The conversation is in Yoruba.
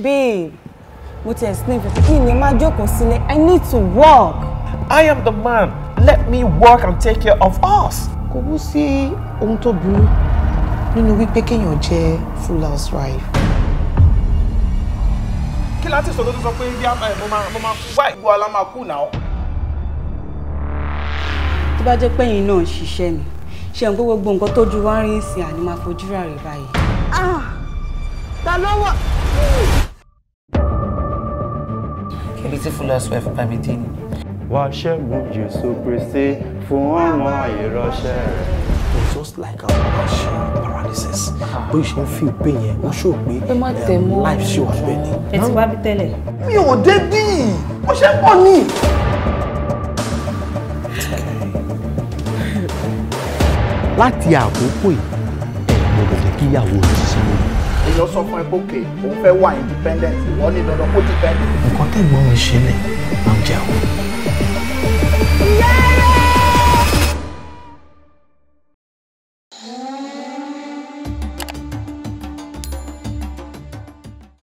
Babe, mo ti explain for you. Ni ma jókòó sílẹ̀. I need to work. I am the man. Let me work and take care of us. Kò bú sí ohun tó burú nínú wípé kéèyàn jẹ́ full house wife. Kí láti sọ̀rọ̀ tó sọ pé bí mo máa wá ìgbó alámakú náà? Tó bá jẹ́ pé ẹ̀yin náà ṣiṣẹ́ ni, ṣe ń gbogbo nǹkan tójú wá rí ìsìn àní máa fojú rà rè báyìí. Ah! Ta ló wà? beautiful housewife Bámidé ni. wàá ṣẹ́gun Jésù Kristi fún ọmọ ìránṣẹ́ It's just like our partial paralysis bó ṣe ń fi pé yẹn wọ́n ṣó pé um, life ṣe wà bẹ́ẹ̀ ni. ẹ ti wá bí tẹ́lẹ̀. mi ò dé bí mo ṣe ń bọ̀ ni. láti àkókò yìí ẹ̀ gbọ́dọ̀ jẹ́ kíyàwó rẹ̀ ṣiṣẹ́ lórí èèyàn sọ fún ẹ pé òun fẹ́ wà independent ìwọ ní dandan kó dependent. nǹkan tẹ̀gbọ́n mi ṣe lè máa jẹun. Yeah!